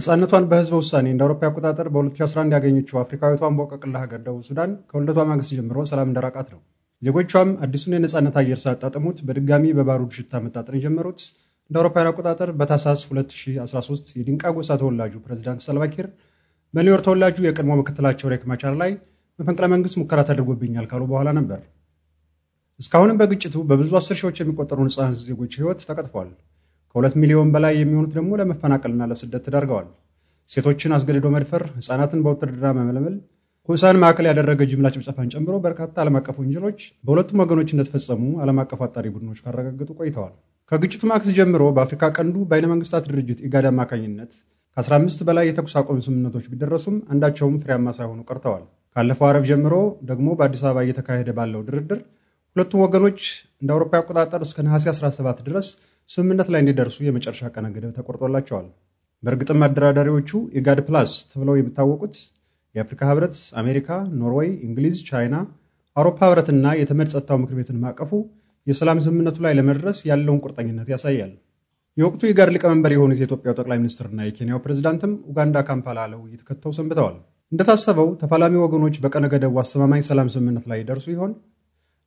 ነፃነቷን በህዝበ ውሳኔ እንደ አውሮፓ አቆጣጠር በ2011 ያገኘችው አፍሪካዊቷን በቀቅላ ሀገር ደቡብ ሱዳን ከሁለቷ ማግስት ጀምሮ ሰላም እንደራቃት ነው። ዜጎቿም አዲሱን የነፃነት አየር ሳያጣጥሙት በድጋሚ በባሩድ ሽታ መጣጠን የጀመሩት እንደ አውሮፓውያን አቆጣጠር በታሳስ 2013 የዲንቃ ጎሳ ተወላጁ ፕሬዚዳንት ሳልቫኪር በኒውዮር ተወላጁ የቀድሞ ምክትላቸው ሬክ ማቻር ላይ መፈንቅለ መንግስት ሙከራ ተደርጎብኛል ካሉ በኋላ ነበር። እስካሁንም በግጭቱ በብዙ አስር ሺዎች የሚቆጠሩ ነፃ ዜጎች ህይወት ተቀጥፏል። ከሁለት ሚሊዮን በላይ የሚሆኑት ደግሞ ለመፈናቀልና ለስደት ተዳርገዋል። ሴቶችን አስገድዶ መድፈር፣ ህጻናትን በውትድርና መመልመል፣ ኩሳን ማዕከል ያደረገ ጅምላ ጭፍጨፋን ጨምሮ በርካታ ዓለም አቀፍ ወንጀሎች በሁለቱም ወገኖች እንደተፈጸሙ ዓለም አቀፍ አጣሪ ቡድኖች ካረጋገጡ ቆይተዋል። ከግጭቱ ማክስ ጀምሮ በአፍሪካ ቀንዱ በዓይነ መንግስታት ድርጅት ኢጋድ አማካኝነት ከ15 በላይ የተኩስ አቁም ስምምነቶች ቢደረሱም አንዳቸውም ፍሬያማ ሳይሆኑ ቀርተዋል። ካለፈው አረብ ጀምሮ ደግሞ በአዲስ አበባ እየተካሄደ ባለው ድርድር ሁለቱም ወገኖች እንደ አውሮፓ አቆጣጠር እስከ ነሐሴ 17 ድረስ ስምምነት ላይ እንዲደርሱ የመጨረሻ ቀነ ገደብ ተቆርጦላቸዋል። በእርግጥም አደራዳሪዎቹ ኢጋድ ፕላስ ተብለው የሚታወቁት የአፍሪካ ህብረት፣ አሜሪካ፣ ኖርዌይ፣ እንግሊዝ፣ ቻይና፣ አውሮፓ ህብረትና የተመድ ጸጥታው ምክር ቤትን ማቀፉ የሰላም ስምምነቱ ላይ ለመድረስ ያለውን ቁርጠኝነት ያሳያል። የወቅቱ የኢጋድ ሊቀመንበር የሆኑት የኢትዮጵያው ጠቅላይ ሚኒስትርና የኬንያው ፕሬዚዳንትም ኡጋንዳ ካምፓላ ለውይይት ከተው ሰንብተዋል። እንደታሰበው ተፋላሚ ወገኖች በቀነ ገደቡ አስተማማኝ ሰላም ስምምነት ላይ ደርሱ ይሆን?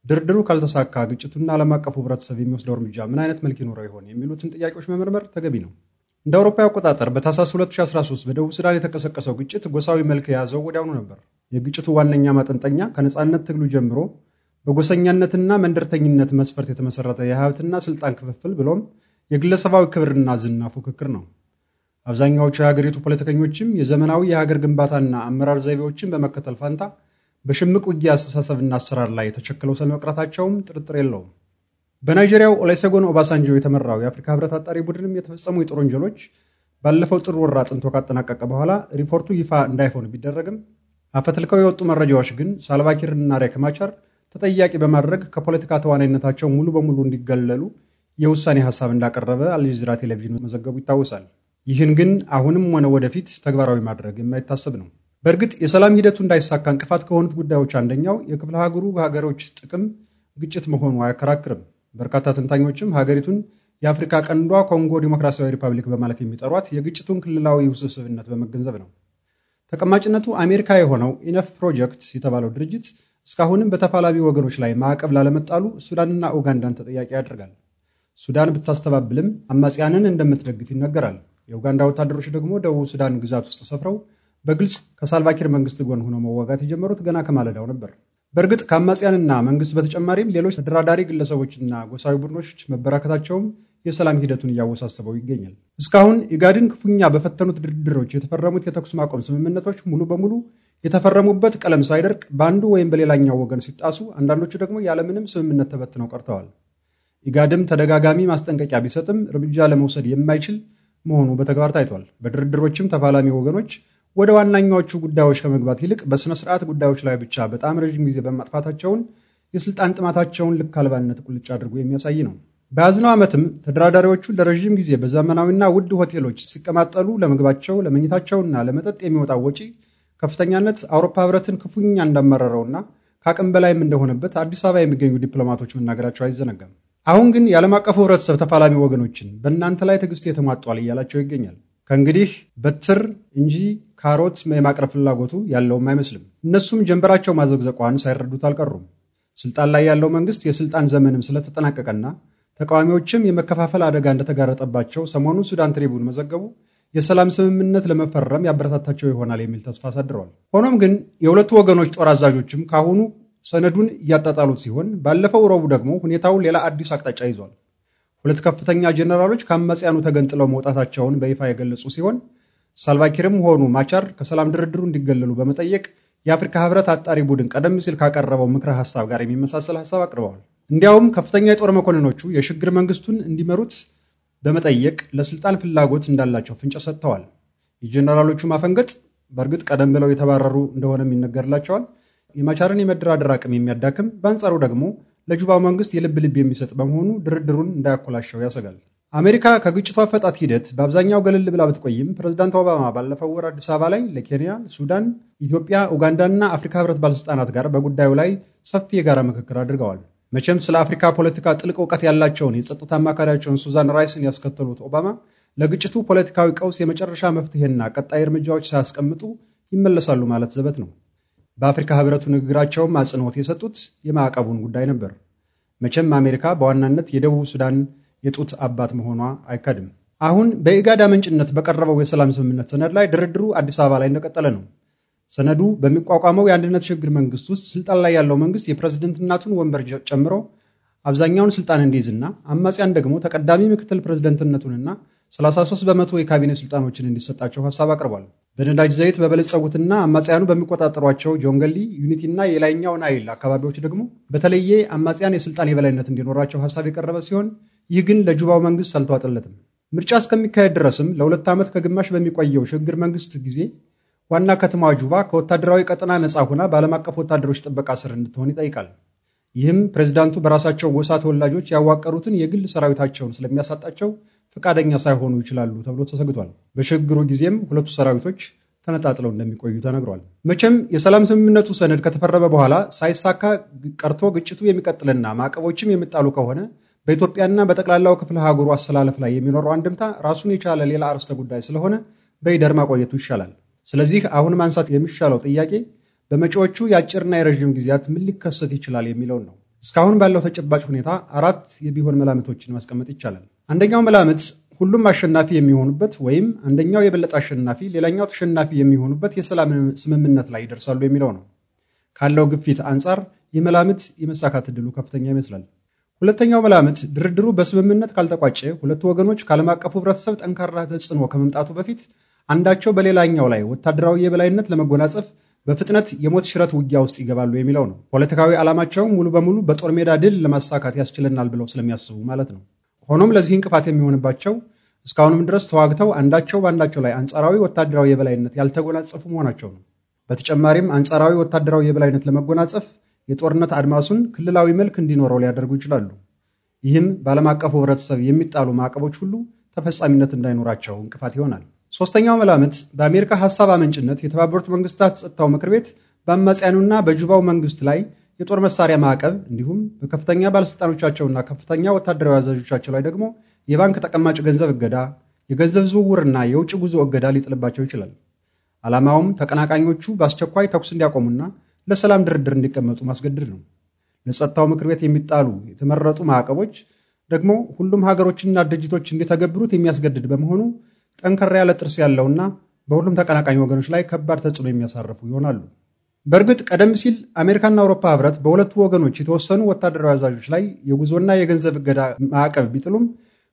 ድርድሩ ካልተሳካ ግጭቱና ዓለም አቀፉ ህብረተሰብ የሚወስደው እርምጃ ምን አይነት መልክ ይኖረው ይሆን የሚሉትን ጥያቄዎች መመርመር ተገቢ ነው። እንደ አውሮፓ አቆጣጠር በታህሳስ 2013 በደቡብ ሱዳን የተቀሰቀሰው ግጭት ጎሳዊ መልክ የያዘው ወዲያውኑ ነበር። የግጭቱ ዋነኛ ማጠንጠኛ ከነፃነት ትግሉ ጀምሮ በጎሰኛነትና መንደርተኝነት መስፈርት የተመሰረተ የሀብትና ስልጣን ክፍፍል ብሎም የግለሰባዊ ክብርና ዝና ፉክክር ነው። አብዛኛዎቹ የሀገሪቱ ፖለቲከኞችም የዘመናዊ የሀገር ግንባታና አመራር ዘይቤዎችን በመከተል ፋንታ በሽምቅ ውጊያ አስተሳሰብና አሰራር ላይ ተቸክለው ስለመቅረታቸውም ጥርጥር የለውም። በናይጄሪያው ኦላይሴጎን ኦባሳንጆ የተመራው የአፍሪካ ህብረት አጣሪ ቡድንም የተፈጸሙ የጦር ወንጀሎች ባለፈው ጥር ወር አጥንቶ ካጠናቀቀ በኋላ ሪፖርቱ ይፋ እንዳይሆን ቢደረግም አፈትልከው የወጡ መረጃዎች ግን ሳልቫኪርና ሪክ ማቻር ተጠያቂ በማድረግ ከፖለቲካ ተዋናይነታቸው ሙሉ በሙሉ እንዲገለሉ የውሳኔ ሀሳብ እንዳቀረበ አልጀዚራ ቴሌቪዥን መዘገቡ ይታወሳል። ይህን ግን አሁንም ሆነ ወደፊት ተግባራዊ ማድረግ የማይታሰብ ነው። በእርግጥ የሰላም ሂደቱ እንዳይሳካ እንቅፋት ከሆኑት ጉዳዮች አንደኛው የክፍለ ሀገሩ ሀገሮች ጥቅም ግጭት መሆኑ አያከራክርም። በርካታ ተንታኞችም ሀገሪቱን የአፍሪካ ቀንዷ ኮንጎ ዲሞክራሲያዊ ሪፐብሊክ በማለት የሚጠሯት የግጭቱን ክልላዊ ውስብስብነት በመገንዘብ ነው። ተቀማጭነቱ አሜሪካ የሆነው ኢነፍ ፕሮጀክት የተባለው ድርጅት እስካሁንም በተፋላሚ ወገኖች ላይ ማዕቀብ ላለመጣሉ ሱዳንና ኡጋንዳን ተጠያቂ ያደርጋል። ሱዳን ብታስተባብልም አማጽያንን እንደምትደግፍ ይነገራል። የኡጋንዳ ወታደሮች ደግሞ ደቡብ ሱዳን ግዛት ውስጥ ሰፍረው በግልጽ ከሳልቫኪር መንግስት ጎን ሆኖ መዋጋት የጀመሩት ገና ከማለዳው ነበር። በእርግጥ ከአማጽያንና መንግስት በተጨማሪም ሌሎች ተደራዳሪ ግለሰቦችና ጎሳዊ ቡድኖች መበራከታቸውም የሰላም ሂደቱን እያወሳሰበው ይገኛል። እስካሁን ኢጋድን ክፉኛ በፈተኑት ድርድሮች የተፈረሙት የተኩስ ማቆም ስምምነቶች ሙሉ በሙሉ የተፈረሙበት ቀለም ሳይደርቅ በአንዱ ወይም በሌላኛው ወገን ሲጣሱ፣ አንዳንዶቹ ደግሞ ያለምንም ስምምነት ተበትነው ቀርተዋል። ኢጋድም ተደጋጋሚ ማስጠንቀቂያ ቢሰጥም እርምጃ ለመውሰድ የማይችል መሆኑ በተግባር ታይቷል። በድርድሮችም ተፋላሚ ወገኖች ወደ ዋናኛዎቹ ጉዳዮች ከመግባት ይልቅ በሥነ ስርዓት ጉዳዮች ላይ ብቻ በጣም ረዥም ጊዜ በማጥፋታቸውን የስልጣን ጥማታቸውን ልክ አልባነት ቁልጭ አድርጎ የሚያሳይ ነው። በያዝነው ዓመትም ተደራዳሪዎቹ ለረዥም ጊዜ በዘመናዊና ውድ ሆቴሎች ሲቀማጠሉ ለምግባቸው፣ ለመኝታቸውና ለመጠጥ የሚወጣው ወጪ ከፍተኛነት አውሮፓ ህብረትን ክፉኛ እንዳመረረውና ከአቅም በላይም እንደሆነበት አዲስ አበባ የሚገኙ ዲፕሎማቶች መናገራቸው አይዘነጋም። አሁን ግን የዓለም አቀፉ ህብረተሰብ ተፋላሚ ወገኖችን በእናንተ ላይ ትዕግስት የተሟጧል እያላቸው ይገኛል። ከእንግዲህ በትር እንጂ ካሮት የማቅረብ ፍላጎቱ ያለውም አይመስልም። እነሱም ጀንበራቸው ማዘግዘቋን ሳይረዱት አልቀሩም። ስልጣን ላይ ያለው መንግስት የስልጣን ዘመንም ስለተጠናቀቀና ተቃዋሚዎችም የመከፋፈል አደጋ እንደተጋረጠባቸው ሰሞኑን ሱዳን ትሪቡን መዘገቡ የሰላም ስምምነት ለመፈረም ያበረታታቸው ይሆናል የሚል ተስፋ አሳድረዋል። ሆኖም ግን የሁለቱ ወገኖች ጦር አዛዦችም ከአሁኑ ሰነዱን እያጣጣሉት ሲሆን፣ ባለፈው ረቡዕ ደግሞ ሁኔታው ሌላ አዲስ አቅጣጫ ይዟል። ሁለት ከፍተኛ ጀኔራሎች ከአመጽያኑ ተገንጥለው መውጣታቸውን በይፋ የገለጹ ሲሆን ሳልቫኪርም ሆኑ ማቻር ከሰላም ድርድሩ እንዲገለሉ በመጠየቅ የአፍሪካ ህብረት አጣሪ ቡድን ቀደም ሲል ካቀረበው ምክረ ሀሳብ ጋር የሚመሳሰል ሀሳብ አቅርበዋል። እንዲያውም ከፍተኛ የጦር መኮንኖቹ የሽግግር መንግስቱን እንዲመሩት በመጠየቅ ለስልጣን ፍላጎት እንዳላቸው ፍንጭ ሰጥተዋል። የጀኔራሎቹ ማፈንገጥ በእርግጥ ቀደም ብለው የተባረሩ እንደሆነም ይነገርላቸዋል። የማቻርን የመደራደር አቅም የሚያዳክም በአንጻሩ ደግሞ ለጁባው መንግስት የልብ ልብ የሚሰጥ በመሆኑ ድርድሩን እንዳያኮላሸው ያሰጋል። አሜሪካ ከግጭቱ አፈጣት ሂደት በአብዛኛው ገለል ብላ ብትቆይም ፕሬዚዳንት ኦባማ ባለፈው ወር አዲስ አበባ ላይ ለኬንያ፣ ሱዳን፣ ኢትዮጵያ፣ ኡጋንዳና አፍሪካ ህብረት ባለስልጣናት ጋር በጉዳዩ ላይ ሰፊ የጋራ ምክክር አድርገዋል። መቼም ስለ አፍሪካ ፖለቲካ ጥልቅ እውቀት ያላቸውን የጸጥታ አማካሪያቸውን ሱዛን ራይስን ያስከተሉት ኦባማ ለግጭቱ ፖለቲካዊ ቀውስ የመጨረሻ መፍትሄና ቀጣይ እርምጃዎች ሳያስቀምጡ ይመለሳሉ ማለት ዘበት ነው። በአፍሪካ ህብረቱ ንግግራቸውም አጽንኦት የሰጡት የማዕቀቡን ጉዳይ ነበር። መቼም አሜሪካ በዋናነት የደቡብ ሱዳን የጡት አባት መሆኗ አይካድም። አሁን በኢጋድ አመንጭነት በቀረበው የሰላም ስምምነት ሰነድ ላይ ድርድሩ አዲስ አበባ ላይ እንደቀጠለ ነው። ሰነዱ በሚቋቋመው የአንድነት ሽግግር መንግስት ውስጥ ስልጣን ላይ ያለው መንግስት የፕሬዝደንትነቱን ወንበር ጨምሮ አብዛኛውን ስልጣን እንዲይዝና አማጽያን ደግሞ ተቀዳሚ ምክትል ፕሬዝደንትነቱንና 33 በመቶ የካቢኔ ስልጣኖችን እንዲሰጣቸው ሀሳብ አቅርቧል። በነዳጅ ዘይት በበለጸጉትና አማጽያኑ በሚቆጣጠሯቸው ጆንገሊ፣ ዩኒቲና የላይኛው ናይል አካባቢዎች ደግሞ በተለየ አማጽያን የስልጣን የበላይነት እንዲኖራቸው ሀሳብ የቀረበ ሲሆን ይህ ግን ለጁባው መንግስት አልተዋጠለትም። ምርጫ እስከሚካሄድ ድረስም ለሁለት ዓመት ከግማሽ በሚቆየው ሽግግር መንግስት ጊዜ ዋና ከተማዋ ጁባ ከወታደራዊ ቀጠና ነፃ ሆና በዓለም አቀፍ ወታደሮች ጥበቃ ስር እንድትሆን ይጠይቃል። ይህም ፕሬዚዳንቱ በራሳቸው ጎሳ ተወላጆች ያዋቀሩትን የግል ሰራዊታቸውን ስለሚያሳጣቸው ፈቃደኛ ሳይሆኑ ይችላሉ ተብሎ ተሰግቷል። በሽግግሩ ጊዜም ሁለቱ ሰራዊቶች ተነጣጥለው እንደሚቆዩ ተነግሯል። መቼም የሰላም ስምምነቱ ሰነድ ከተፈረመ በኋላ ሳይሳካ ቀርቶ ግጭቱ የሚቀጥልና ማዕቀቦችም የሚጣሉ ከሆነ በኢትዮጵያና በጠቅላላው ክፍለ ሀገሩ አሰላለፍ ላይ የሚኖረው አንድምታ ራሱን የቻለ ሌላ አርዕስተ ጉዳይ ስለሆነ በይደር ማቆየቱ ይሻላል። ስለዚህ አሁን ማንሳት የሚሻለው ጥያቄ በመጪዎቹ የአጭርና የረዥም ጊዜያት ምን ሊከሰት ይችላል የሚለውን ነው። እስካሁን ባለው ተጨባጭ ሁኔታ አራት የቢሆን መላምቶችን ማስቀመጥ ይቻላል። አንደኛው መላምት ሁሉም አሸናፊ የሚሆኑበት ወይም አንደኛው የበለጠ አሸናፊ፣ ሌላኛው ተሸናፊ የሚሆኑበት የሰላም ስምምነት ላይ ይደርሳሉ የሚለው ነው። ካለው ግፊት አንጻር ይህ መላምት የመሳካት እድሉ ከፍተኛ ይመስላል። ሁለተኛው መላምት ድርድሩ በስምምነት ካልተቋጨ ሁለቱ ወገኖች ከዓለም አቀፉ ህብረተሰብ ጠንካራ ተጽዕኖ ከመምጣቱ በፊት አንዳቸው በሌላኛው ላይ ወታደራዊ የበላይነት ለመጎናጸፍ በፍጥነት የሞት ሽረት ውጊያ ውስጥ ይገባሉ የሚለው ነው። ፖለቲካዊ ዓላማቸውን ሙሉ በሙሉ በጦር ሜዳ ድል ለማሳካት ያስችለናል ብለው ስለሚያስቡ ማለት ነው። ሆኖም ለዚህ እንቅፋት የሚሆንባቸው እስካሁንም ድረስ ተዋግተው አንዳቸው በአንዳቸው ላይ አንጻራዊ ወታደራዊ የበላይነት ያልተጎናጸፉ መሆናቸው ነው። በተጨማሪም አንጻራዊ ወታደራዊ የበላይነት ለመጎናጸፍ የጦርነት አድማሱን ክልላዊ መልክ እንዲኖረው ሊያደርጉ ይችላሉ። ይህም በዓለም አቀፉ ህብረተሰብ የሚጣሉ ማዕቀቦች ሁሉ ተፈጻሚነት እንዳይኖራቸው እንቅፋት ይሆናል። ሶስተኛው መላምት በአሜሪካ ሀሳብ አመንጭነት የተባበሩት መንግስታት ጸጥታው ምክር ቤት በአማጽያኑና በጁባው መንግስት ላይ የጦር መሳሪያ ማዕቀብ እንዲሁም በከፍተኛ ባለሥልጣኖቻቸውና ከፍተኛ ወታደራዊ አዛዦቻቸው ላይ ደግሞ የባንክ ተቀማጭ ገንዘብ እገዳ፣ የገንዘብ ዝውውርና የውጭ ጉዞ እገዳ ሊጥልባቸው ይችላል። ዓላማውም ተቀናቃኞቹ በአስቸኳይ ተኩስ እንዲያቆሙና ለሰላም ድርድር እንዲቀመጡ ማስገደድ ነው። ለጸጥታው ምክር ቤት የሚጣሉ የተመረጡ ማዕቀቦች ደግሞ ሁሉም ሀገሮችና ድርጅቶች እንዲተገብሩት የሚያስገድድ በመሆኑ ጠንከር ያለ ጥርስ ያለውና በሁሉም ተቀናቃኝ ወገኖች ላይ ከባድ ተጽዕኖ የሚያሳርፉ ይሆናሉ። በእርግጥ ቀደም ሲል አሜሪካና አውሮፓ ህብረት በሁለቱ ወገኖች የተወሰኑ ወታደራዊ አዛዦች ላይ የጉዞና የገንዘብ እገዳ ማዕቀብ ቢጥሉም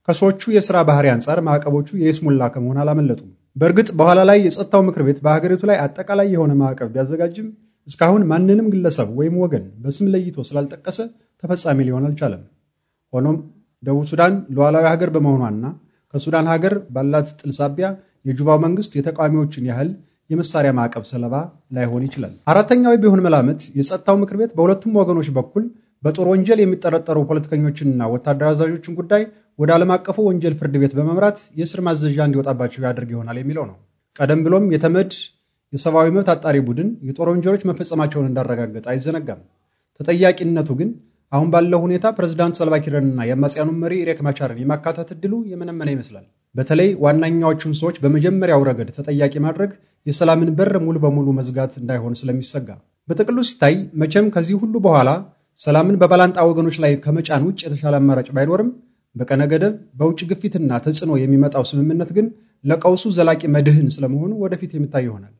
ከሰዎቹ የሥራ ባህሪ አንጻር ማዕቀቦቹ የይስሙላ ከመሆን አላመለጡም። በእርግጥ በኋላ ላይ የጸጥታው ምክር ቤት በሀገሪቱ ላይ አጠቃላይ የሆነ ማዕቀብ ቢያዘጋጅም እስካሁን ማንንም ግለሰብ ወይም ወገን በስም ለይቶ ስላልጠቀሰ ተፈጻሚ ሊሆን አልቻለም። ሆኖም ደቡብ ሱዳን ሉዓላዊ ሀገር በመሆኗና ከሱዳን ሀገር ባላት ጥል ሳቢያ የጁባው መንግስት የተቃዋሚዎችን ያህል የመሳሪያ ማዕቀብ ሰለባ ላይሆን ይችላል። አራተኛው ቢሆን መላምት የጸጥታው ምክር ቤት በሁለቱም ወገኖች በኩል በጦር ወንጀል የሚጠረጠሩ ፖለቲከኞችንና ወታደራዊ አዛዦችን ጉዳይ ወደ ዓለም አቀፉ ወንጀል ፍርድ ቤት በመምራት የእስር ማዘዣ እንዲወጣባቸው ያደርግ ይሆናል የሚለው ነው። ቀደም ብሎም የተመድ የሰብአዊ መብት አጣሪ ቡድን የጦር ወንጀሎች መፈጸማቸውን እንዳረጋገጠ አይዘነጋም። ተጠያቂነቱ ግን አሁን ባለው ሁኔታ ፕሬዝዳንት ሳልቫኪርንና የአማጽያኑን መሪ ሬክ ማቻርን የማካተት እድሉ የመነመነ ይመስላል። በተለይ ዋናኛዎቹን ሰዎች በመጀመሪያው ረገድ ተጠያቂ ማድረግ የሰላምን በር ሙሉ በሙሉ መዝጋት እንዳይሆን ስለሚሰጋ፣ በጥቅሉ ሲታይ መቼም ከዚህ ሁሉ በኋላ ሰላምን በባላንጣ ወገኖች ላይ ከመጫን ውጭ የተሻለ አማራጭ ባይኖርም በቀነ ገደብ በውጭ ግፊትና ተጽዕኖ የሚመጣው ስምምነት ግን ለቀውሱ ዘላቂ መድህን ስለመሆኑ ወደፊት የሚታይ ይሆናል።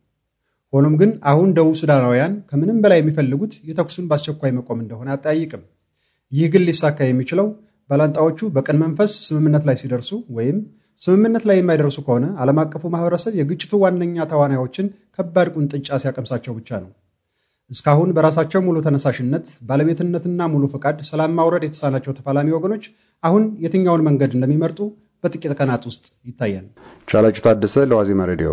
ሆኖም ግን አሁን ደቡብ ሱዳናውያን ከምንም በላይ የሚፈልጉት የተኩሱን በአስቸኳይ መቆም እንደሆነ አጠያይቅም። ይህ ግን ሊሳካ የሚችለው ባላንጣዎቹ በቅን መንፈስ ስምምነት ላይ ሲደርሱ ወይም ስምምነት ላይ የማይደርሱ ከሆነ ዓለም አቀፉ ማህበረሰብ የግጭቱ ዋነኛ ተዋናዮችን ከባድ ቁንጥጫ ሲያቀምሳቸው ብቻ ነው። እስካሁን በራሳቸው ሙሉ ተነሳሽነት ባለቤትነትና ሙሉ ፈቃድ ሰላም ማውረድ የተሳናቸው ተፋላሚ ወገኖች አሁን የትኛውን መንገድ እንደሚመርጡ በጥቂት ቀናት ውስጥ ይታያል። ቻላችሁ ታደሰ ለዋዜማ ሬዲዮ